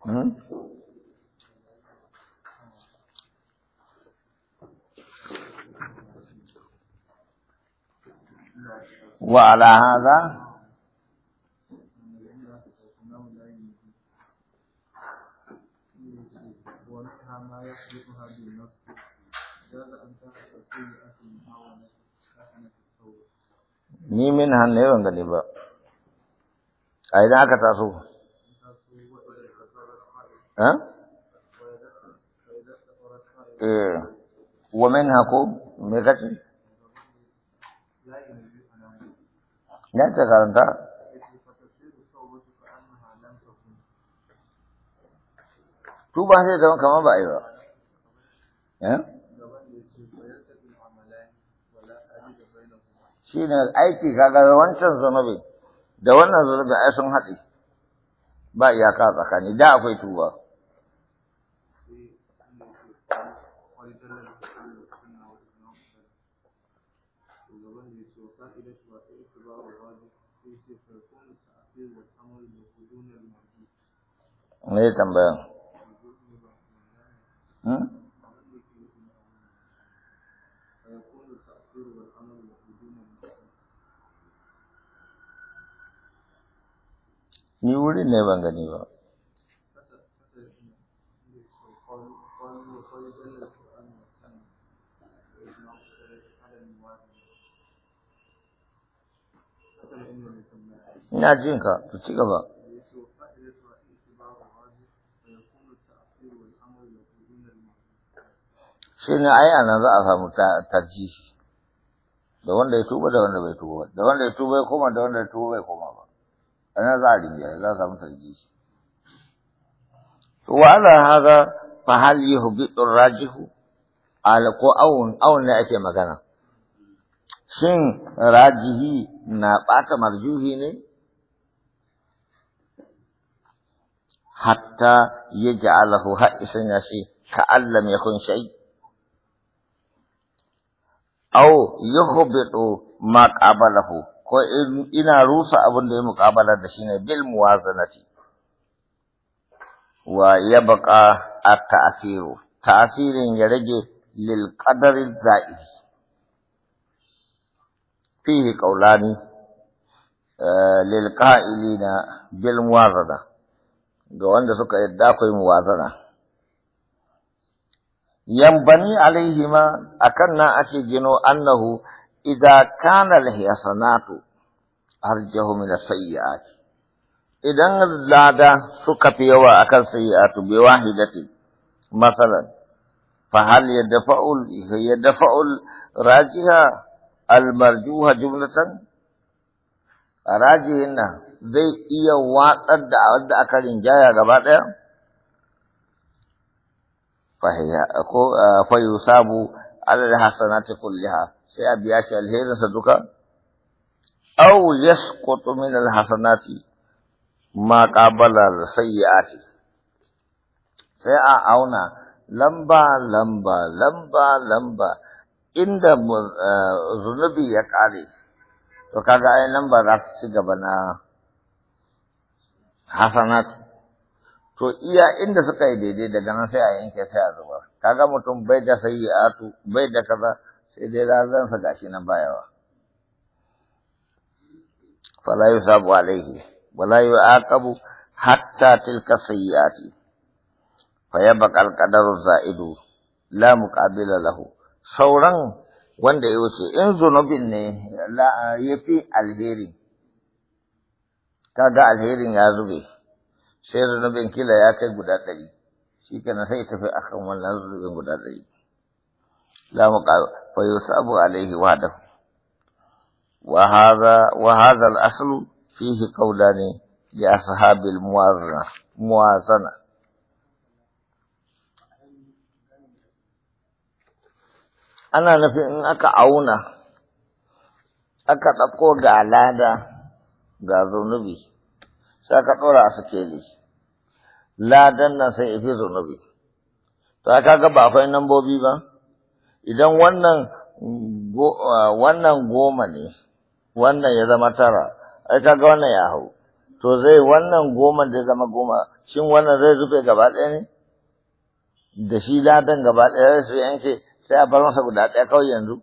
وعلى هذا ni min hannu yawan gani ba a idan aka taso eh ومنها ko me kace na ta karanta tu ba sai zama ba eh? shi ne aiki kaga wancan zanabi da wannan zanabi ai sun haɗe ba iyaka tsakani da akwai tuba qaidalah Rasulullah Sallallahu Alaihi Wasallam. Ujaran disuruhkan ila Ni ba قالوا وقد دل القرآن والسنة وإجماع على المواجهة ina jin ka to ci gaba shi ne ai nan za a samu tarjihi da wanda ya tuba da wanda bai tuba da wanda ya tuba ya koma da wanda ya tuba bai koma ba anan za a rinja za a samu tarjihi to wa ala hada fa hal yuhbitu rajihu ko awun awun ne ake magana shin rajihi na bata marjuhi ne hatta yaj'alahu ka yashi ya yakun shay aw yuhbitu ma qabalahu ko ina rusa abin da ya muqabala da shi ne bil muwazanati wa ya yabqa التأثير تأثير يرجع للقدر الزائد فيه قولان آه، للقائلين بالموازنة جوان سكا يدعكم موازنة ينبني عليهما أكنا أكي جنو أنه إذا كان الحسنات أرجه من السيئات idan lada suka fi yawa a kan sayyi'atu bi wahidatin masalan fa hal yadfa'u yadfa'u rajiha al marjuha jumlatan rajihin nan zai iya watsar da wadda aka rinjaya gaba daya fahiya ko fa yusabu ala hasanati kulliha sai a biya shi alherinsa duka aw yasqutu min al hasanati ma ƙabalar sayyi'ati sai a auna lamba lamba lamba lamba inda eh, zunubi ya ƙare to kaga ai lamba za ta ci gaba na hasanat to iya inda suka yi daidai daga nan sai a yanke sai a zuba kaga mutum bai da sayyi'atu bai da kaza sai dai razansa gashi na bayawa fala yusabu alaihi ولا يعاقب حتى تلك السيئات فيبقى القدر الزائد لا مقابل له sauran wanda ya wuce in zunubin ne ya fi alheri kaga alherin ya zube sai zunubin kila ya kai guda ɗari shi kenan sai tafi kan wannan zunubin guda ɗari la muqaw fa yusabu alaihi wahdahu wa hadha wa hadha al-aslu فيه قولان لأصحاب الموازنة أنا نفي إن أكا عونا أكا تقوى قعلادا غازو نبي سأكا قولا أسكيلي لا دنا سيفي نبي فأكا قبع فإن نمبوبي بيبا إذن ونن wannan goma ne wannan ya ka kaga wannan ya hau to zai wannan goma da zama goma shin wannan zai zufe gaba ɗaya ne da shi ladan gaba ɗaya su yanke sai a bar masa guda ɗaya kawai yanzu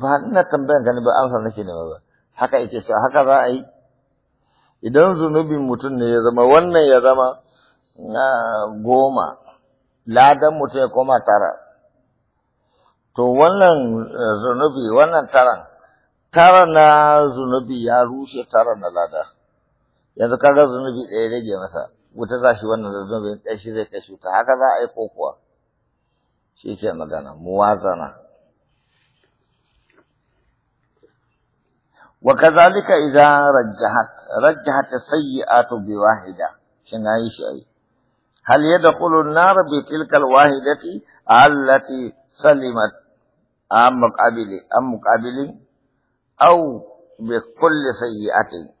ba ina tambayan ka ne ba amsa nake nema ba haka yake so haka za a yi idan zunubin mutum ne ya zama wannan ya zama goma ladan mutum ya koma tara to wannan eh, zunubi wannan taran tara na zunubi ya rushe tara na lada yanzu kaga zunubi ɗaya rage masa wuta za shi wannan zunubin ɗaya shi zai kashe ta haka za a yi kokuwa shi ke magana muwazana wa kazalika idza rajjahat rajjahat sayyi'atu bi wahida shin ayi shi ayi hal yadkhulu an-nar bi tilka al-wahidati allati salimat am muqabili أو بكل سيئات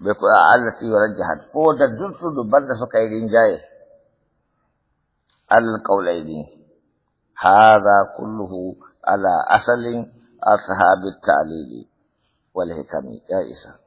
بكل التي رجحت هو ده دلت دبل سكيرين جاي القولين هذا كله على أصل أصحاب التعليل والحكم جائزة